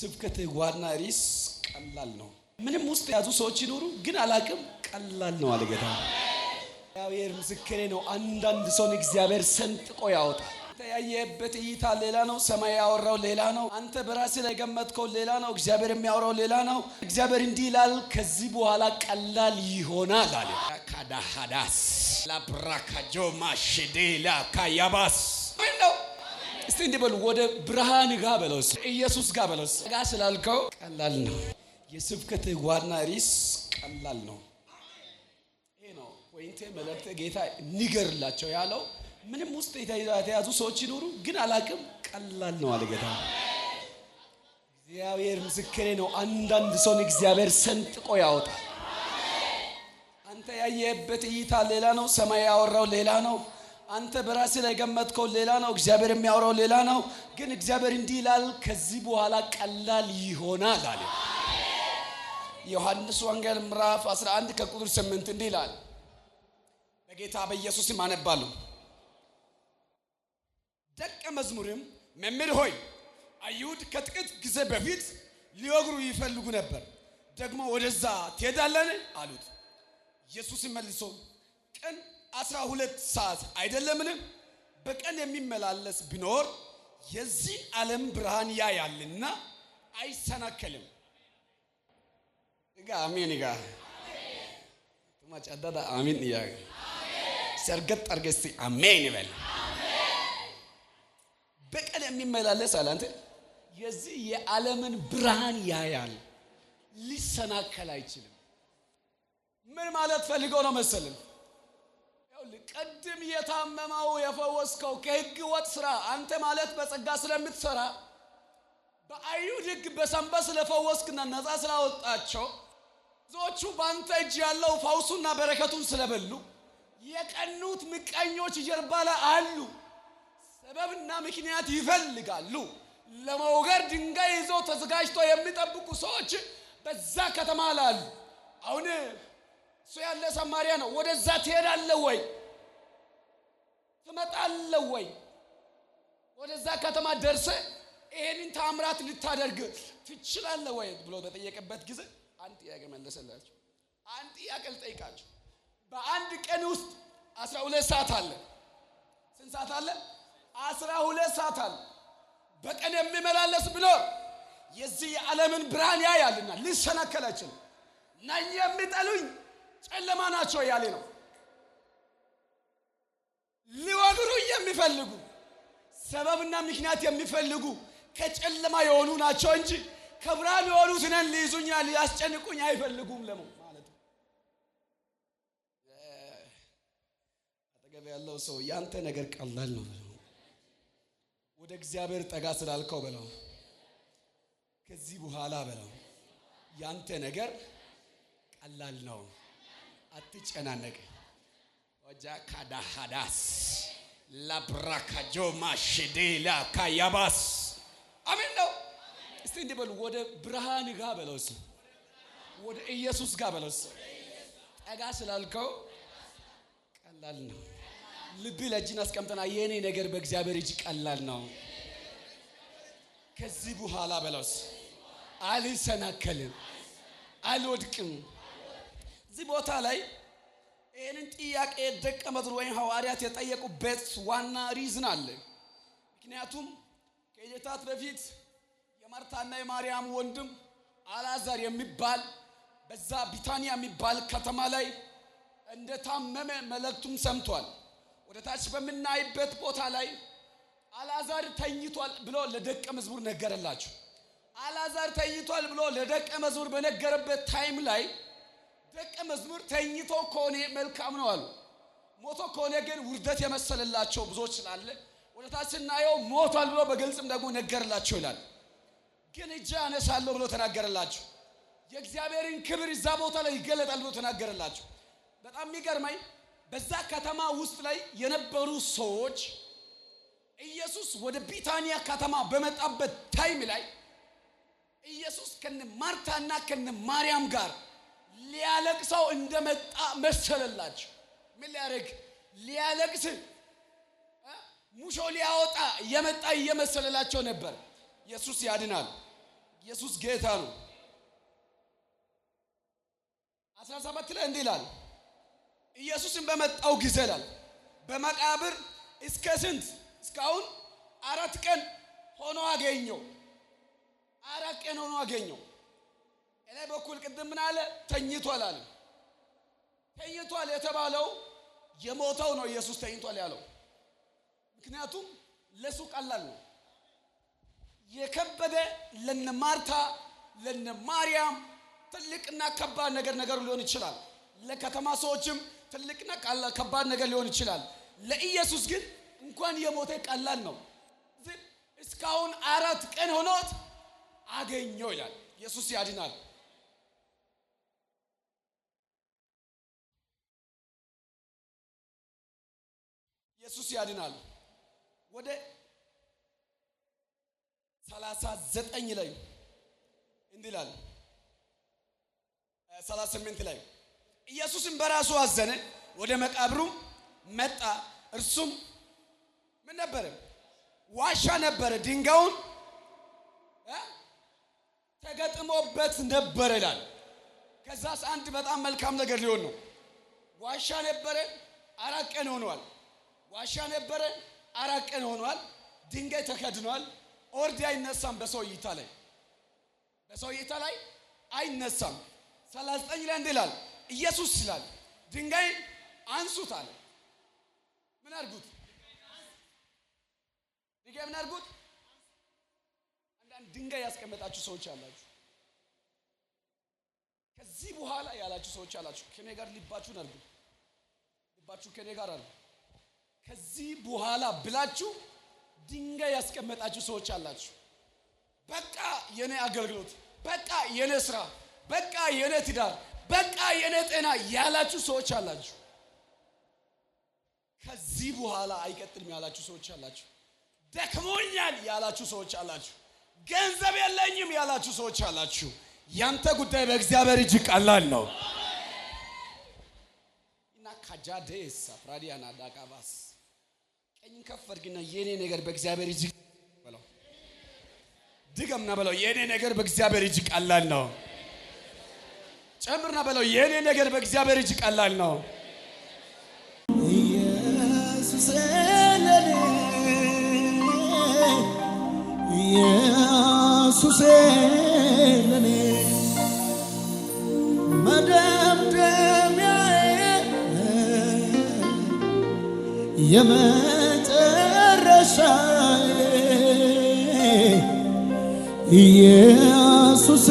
ስብከት ዋና ርዕስ ቀላል ነው። ምንም ውስጥ የያዙ ሰዎች ይኖሩ፣ ግን አላቅም ቀላል ነው አለ እግዚአብሔር ምስክሬ ነው። አንዳንድ ሰውን እግዚአብሔር ሰንጥቆ ያወጣል። የተያየበት እይታ ሌላ ነው። ሰማይ ያወራው ሌላ ነው። አንተ በራስህ ላይ ገመትከው ሌላ ነው። እግዚአብሔር የሚያወራው ሌላ ነው። እግዚአብሔር እንዲህ ይላል፣ ከዚህ በኋላ ቀላል ይሆናል አለ ካዳሃዳስ ላብራካጆ ማሽዴላ ካያባስ ከፍ እንዲበሉ ወደ ብርሃን ጋ በለስ ኢየሱስ ጋ በለስ ጋ ስላልከው ቀላል ነው። የስብከት ዋና ርዕስ ቀላል ነው። ይሄ ነው ፖይንቴ። መልእክተ ጌታ ንገርላቸው ያለው ምንም ውስጥ የተያዙ ሰዎች ይኖሩ፣ ግን አላቅም ቀላል ነው አለ ጌታ። እግዚአብሔር ምስክሬ ነው። አንዳንድ ሰውን እግዚአብሔር ሰንጥቆ ያወጣል። አንተ ያየበት እይታ ሌላ ነው። ሰማይ ያወራው ሌላ ነው። አንተ በራስህ ላይ ገመትከው ሌላ ነው፣ እግዚአብሔር የሚያወራው ሌላ ነው። ግን እግዚአብሔር እንዲህ ይላል፣ ከዚህ በኋላ ቀላል ይሆናል አለ። ዮሐንስ ወንጌል ምዕራፍ 11 ከቁጥር 8 እንዲህ ይላል። በጌታ በኢየሱስም አነባለሁ። ደቀ መዝሙርም መምህር ሆይ አይሁድ ከጥቂት ጊዜ በፊት ሊወግሩ ይፈልጉ ነበር፣ ደግሞ ወደዛ ትሄዳለን አሉት። ኢየሱስ መልሶ ቀን አስራ ሁለት ሰዓት አይደለምን? በቀን የሚመላለስ ቢኖር የዚህ ዓለም ብርሃን ያያልና አይሰናከልም። እጋ አሜን አሜን እያ አሜን ይበል። በቀን የሚመላለስ አለ አንተ የዚህ የዓለምን ብርሃን ያያል፣ ሊሰናከል አይችልም። ምን ማለት ፈልገው ነው መሰልን ቅድም የታመመው የፈወስከው ከህግ ወጥ ስራ አንተ ማለት በጸጋ ስለምትሰራ በአይሁድ ህግ በሰንበት ስለፈወስክና ነፃ ስላወጣቸው ብዙዎቹ በአንተ እጅ ያለው ፈውሱና በረከቱን ስለበሉ የቀኑት ምቀኞች ጀርባ ላይ አሉ። ሰበብና ምክንያት ይፈልጋሉ። ለመውገር ድንጋይ ይዞ ተዘጋጅቶ የሚጠብቁ ሰዎች በዛ ከተማ ላሉ አሁን እሱ ያለ ሰማሪያ ነው። ወደዛ ትሄዳለህ ወይ? ትመጣለህ ወይ? ወደዛ ከተማ ደርሰ ይሄንን ታምራት ልታደርግ ትችላለህ ወይ ብሎ በጠየቀበት ጊዜ አንድ ጥያቄ መለሰላቸው። አንድ ጥያቄ ልጠይቃቸው። በአንድ ቀን ውስጥ አስራ ሁለት ሰዓት አለ። ስንት ሰዓት አለ? አስራ ሁለት ሰዓት አለ። በቀን የሚመላለስ ብሎ የዚህ የዓለምን ብርሃን ያያልና ልሰናከላችን የሚጠሉኝ ጨለማ ናቸው ያለ ነው። ሊወግሩ የሚፈልጉ ሰበብና ምክንያት የሚፈልጉ ከጨለማ የሆኑ ናቸው እንጂ ከብርሃን የሆኑት ነን ሊይዙኛ ሊያስጨንቁኝ አይፈልጉም። ለሞ ማለት ነው። አጠገብ ያለው ሰው ያንተ ነገር ቀላል ነው በለው። ወደ እግዚአብሔር ጠጋ ስላልከው በለው። ከዚህ በኋላ በለው ያንተ ነገር ቀላል ነው፣ አትጨናነቅ። ወጃካዳሃዳስ ላብራካጆማ ሽዴላ ካያባስ አሜን ነው። እስቲ እንዲህ በሉ። ወደ ብርሃን ጋር በለው ወደ ኢየሱስ ጋር በለው ጠጋ ስላልከው ቀላል ነው። ልብ ለእጅን አስቀምጠና የእኔ ነገር በእግዚአብሔር እጅ ቀላል ነው። ከዚህ በኋላ በለውስ አልሰናከልም፣ አልወድቅም። እዚህ ቦታ ላይ ይህንን ጥያቄ ደቀ መዝሙር ወይም ሐዋርያት የጠየቁበት ዋና ሪዝን አለ። ምክንያቱም ከጌታት በፊት የማርታና የማርያም ወንድም አላዛር የሚባል በዛ ቢታንያ የሚባል ከተማ ላይ እንደታመመ መልእክቱም ሰምቷል። ወደ ታች በምናይበት ቦታ ላይ አላዛር ተኝቷል ብሎ ለደቀ መዝሙር ነገረላቸው። አላዛር ተኝቷል ብሎ ለደቀ መዝሙር በነገረበት ታይም ላይ ደቀ መዝሙር ተኝቶ ከሆነ መልካም ነው አሉ። ሞቶ ከሆነ ግን ውርደት የመሰለላቸው ብዙዎች ስላለ ወደታች ስናየው ሞቷል ብሎ በግልጽም ደግሞ ነገርላቸው ይላል። ግን እጅ አነሳለሁ ብሎ ተናገረላቸው። የእግዚአብሔርን ክብር እዛ ቦታ ላይ ይገለጣል ብሎ ተናገረላቸው። በጣም የሚገርመኝ በዛ ከተማ ውስጥ ላይ የነበሩ ሰዎች ኢየሱስ ወደ ቢታንያ ከተማ በመጣበት ታይም ላይ ኢየሱስ ከነ ማርታና ከነ ማርያም ጋር ሊያ የሚያለቅሰው እንደመጣ መሰለላቸው። ምን ሊያደርግ ሊያለቅስ ሙሾ ሊያወጣ እየመጣ እየመሰለላቸው ነበር። ኢየሱስ ያድናል። ኢየሱስ ጌታ ነው። አስራ ሰባት ላይ እንዲህ ይላል ኢየሱስን በመጣው ጊዜ ይላል በመቃብር እስከ ስንት እስካሁን አራት ቀን ሆኖ አገኘው። አራት ቀን ሆኖ አገኘው። እላይ በኩል ቅድም ምን አለ? ተኝቷል አለ። ተኝቷል የተባለው የሞተው ነው ኢየሱስ ተኝቷል ያለው። ምክንያቱም ለሱ ቀላል ነው። የከበደ ለነ ማርታ ለነ ማርያም ትልቅና ከባድ ነገር ነገር ሊሆን ይችላል። ለከተማ ሰዎችም ትልቅና ከባድ ነገር ሊሆን ይችላል። ለኢየሱስ ግን እንኳን የሞተ ቀላል ነው። እስካሁን አራት ቀን ሆኖት አገኘው ይላል ኢየሱስ ያድናል። ኢየሱስ ያድናል። ወደ ሰላሳ ዘጠኝ ላይ እንዲላል ሰላሳ ላይ ኢየሱስም በራሱ አዘነ፣ ወደ መቃብሩ መጣ። እርሱም ምን ነበረ? ዋሻ ነበረ። ድንጋዩን ተገጥሞበት ነበረ ይላል። ከዛስ አንድ በጣም መልካም ነገር ሊሆን ነው። ዋሻ ነበረ። አራት ቀን ሆኗል። ዋሻ ነበረ። አራት ቀን ሆኗል። ድንጋይ ተከድኗል። ኦርዲ አይነሳም። በሰው እይታ ላይ በሰው እይታ ላይ አይነሳም። 39 ላይ እንዲህ ይላል ኢየሱስ ይላል ድንጋይ አንሱት አለ። ምን አድርጉት? ድንጋይ ምን አድርጉት? አንዳንድ ድንጋይ ያስቀመጣችሁ ሰዎች አላችሁ። ከዚህ በኋላ ያላችሁ ሰዎች አላችሁ። ከኔ ጋር ልባችሁን አድርጉ። ልባችሁ ከኔ ጋር አድርጉ። ከዚህ በኋላ ብላችሁ ድንጋይ ያስቀመጣችሁ ሰዎች አላችሁ። በቃ የኔ አገልግሎት፣ በቃ የኔ ስራ፣ በቃ የኔ ትዳር፣ በቃ የኔ ጤና ያላችሁ ሰዎች አላችሁ። ከዚህ በኋላ አይቀጥልም ያላችሁ ሰዎች አላችሁ። ደክሞኛል ያላችሁ ሰዎች አላችሁ። ገንዘብ የለኝም ያላችሁ ሰዎች አላችሁ። ያንተ ጉዳይ በእግዚአብሔር እጅ ቀላል ነው እና ካጃዴ ሳፍራዲያና ዳቃባስ ቀኝ ከፍ አድርግና የኔ ነገር በእግዚአብሔር እጅ በለው። ድገምና በለው የኔ ነገር በእግዚአብሔር እጅ ቀላል ነው። ጨምርና በለው የኔ ነገር በእግዚአብሔር እጅ ቀላል ነው። ኢየሱስ ለኔ ኢየሱስ ለኔ ኢየሱሴ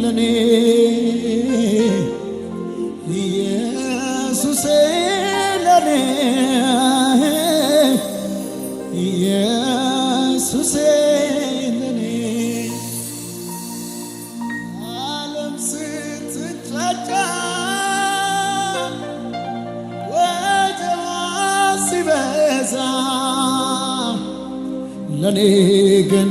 ለኔ ኢየሱሴ ለኔ ኢየሱሴ ለኔ ዓለም ስትንጫጫ ወጀባ ሲበዛ ለኔ ግን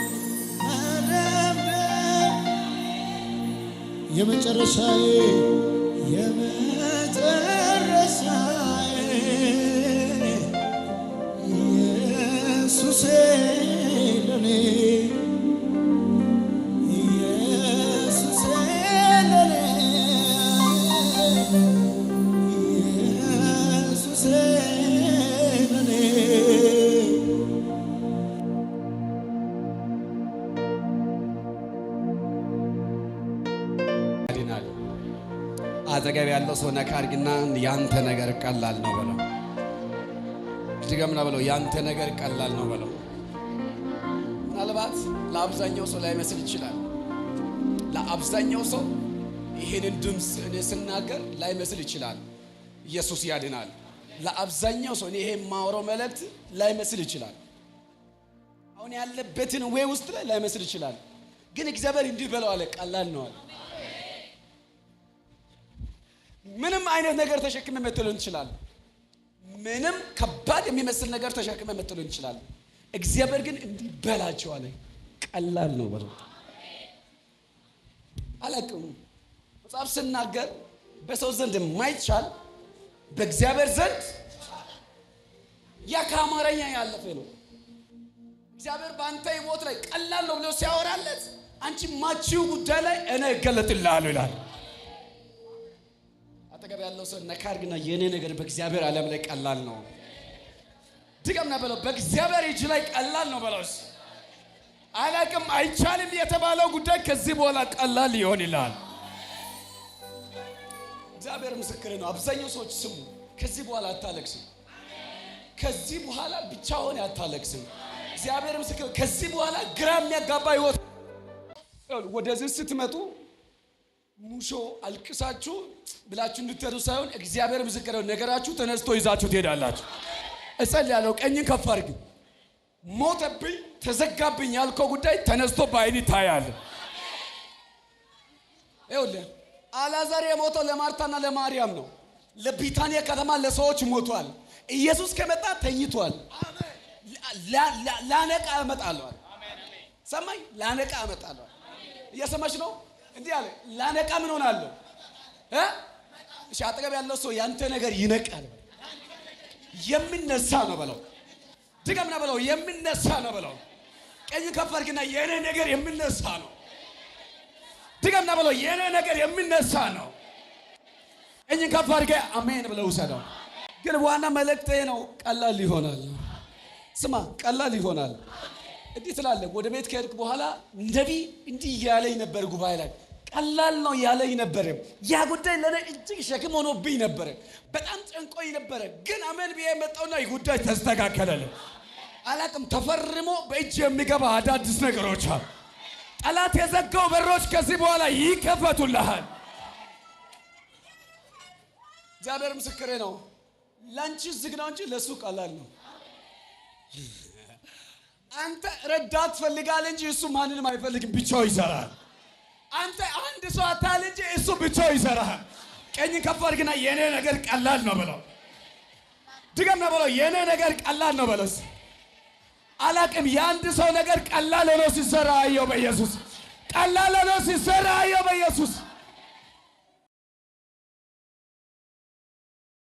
የመጨረሻዬ ያለው ሰው ነካ አድርግና ያንተ ነገር ቀላል ነው በለው። ድገምና በለው፣ ያንተ ነገር ቀላል ነው በለው። ምናልባት ለአብዛኛው ሰው ላይመስል ይችላል። ለአብዛኛው ሰው ይህንን ድምፅ እኔ ስናገር ላይመስል ይችላል። ኢየሱስ ያድናል። ለአብዛኛው ሰው እኔ ይሄ የማወራው መልእክት ላይመስል ይችላል። አሁን ያለበትን ወይ ውስጥ ላይ ላይመስል ይችላል። ግን እግዚአብሔር እንዲህ በለው አለ፣ ቀላል ነው አለ ምንም አይነት ነገር ተሸክመ መጥልን ይችላል። ምንም ከባድ የሚመስል ነገር ተሸክመ መጥልን ይችላል። እግዚአብሔር ግን አለ። ቀላል ነው። በሩ አላቅም መጽሐፍ ስናገር በሰው ዘንድ የማይቻል በእግዚአብሔር ዘንድ ያ ከአማርኛ ያለፈ ነው። እግዚአብሔር በአንተ ሕይወት ላይ ቀላል ነው ብሎ ሲያወራለት አንቺ ማቺው ጉዳይ ላይ እኔ እገለጥልሃለሁ ይላል። አጠገብ ያለው ሰው ነካርግና አድርግና የእኔ ነገር በእግዚአብሔር ዓለም ላይ ቀላል ነው። ድገምና በለው በእግዚአብሔር እጅ ላይ ቀላል ነው በለው። አላቅም አይቻልም የተባለው ጉዳይ ከዚህ በኋላ ቀላል ይሆን ይላል። እግዚአብሔር ምስክር ነው። አብዛኛው ሰዎች ስሙ፣ ከዚህ በኋላ አታለቅስም። ከዚህ በኋላ ብቻ ሆነ አታለቅስም። እግዚአብሔር ምስክር ከዚህ በኋላ ግራ የሚያጋባ ህይወት ወደዚህ ስትመጡ ሙሾ አልቅሳችሁ ብላችሁ እንድትሄዱ ሳይሆን እግዚአብሔር ምስክረው ነገራችሁ ተነስቶ ይዛችሁ ትሄዳላችሁ። እጸል ያለው ቀኝን ከፍ አድርግ። ሞተብኝ፣ ተዘጋብኝ ያልከው ጉዳይ ተነስቶ በአይን ይታያል። ይኸውልህ አላዛር የሞተው ለማርታና ለማርያም ነው። ለቢታንያ ከተማ ለሰዎች ሞቷል። ኢየሱስ ከመጣ ተኝቷል። ላነቃ እመጣለሁ። ሰማኝ፣ ላነቃ እመጣለሁ። እየሰማች ነው እንዲህ አለ ላነቃ ምን ሆናለሁ? እሺ አጠገብ ያለው ሰው ያንተ ነገር ይነቃል። ነው በለው። ድገምና በለው። የምነሳ ነው በለው። ቀኝ ከፍ የእኔ ነገር የምነሳ ነው። በለው። የእኔ ነገር የምነሳ ነው። ቀኝ ከፍ አሜን ብለው ውሰደው። ግን ዋና መልእክቴ ነው። ቀላል ይሆናል። ስማ፣ ቀላል ይሆናል። እንዲህ ትላለህ። ወደ ቤት ከሄድክ በኋላ ነቢይ እንዲህ ያለኝ ነበር ጉባኤ ላይ ቀላል ነው ያለኝ ነበረ። ያ ጉዳይ ለእኔ እጅግ ሸክም ሆኖብኝ ነበረ፣ በጣም ጨንቆኝ ነበረ። ግን አመን ብዬ የመጣውና ጉዳይ ተስተካከለል። አላቅም ተፈርሞ በእጅ የሚገባ አዳዲስ ነገሮች አሉ። ጠላት የዘጋው በሮች ከዚህ በኋላ ይከፈቱልሃል። እግዚአብሔር ምስክሬ ነው። ለአንቺ ዝግ ነው እንጂ ለእሱ ቀላል ነው። አንተ ረዳት ፈልጋል እንጂ እሱ ማንንም አይፈልግም፣ ብቻው ይሰራል። አንተ አንድ ሰው አታል እንጂ እሱ ብቻው ይሰራል። ቀኝ ከፍ አድርግና የኔ ነገር ቀላል ነው በለው። ነው በለው፣ የኔ ነገር ቀላል ነው በለስ። አላቅም የአንድ ሰው ነገር ቀላል ሆኖ ሲሰራ አየው በኢየሱስ። ቀላል ሆኖ ሲሰራ አየው በኢየሱስ።